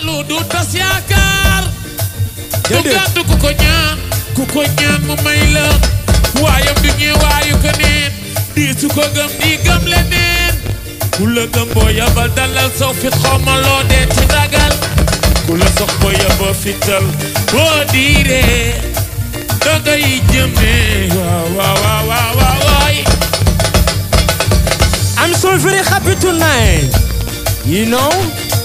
fàllu du tas yaakaar du gàddu ku ko ñaan ku ko ñaan mu may waayam du ñëwaayu ko neen di su ko gëm di gëm leneen ku la gëm boo yabal dalal saw fit xoomaloo ci ragal ku la sox boo yabal fital boo diiree dangay jëmee waaw waaw waaw waay I'm so very happy tonight you know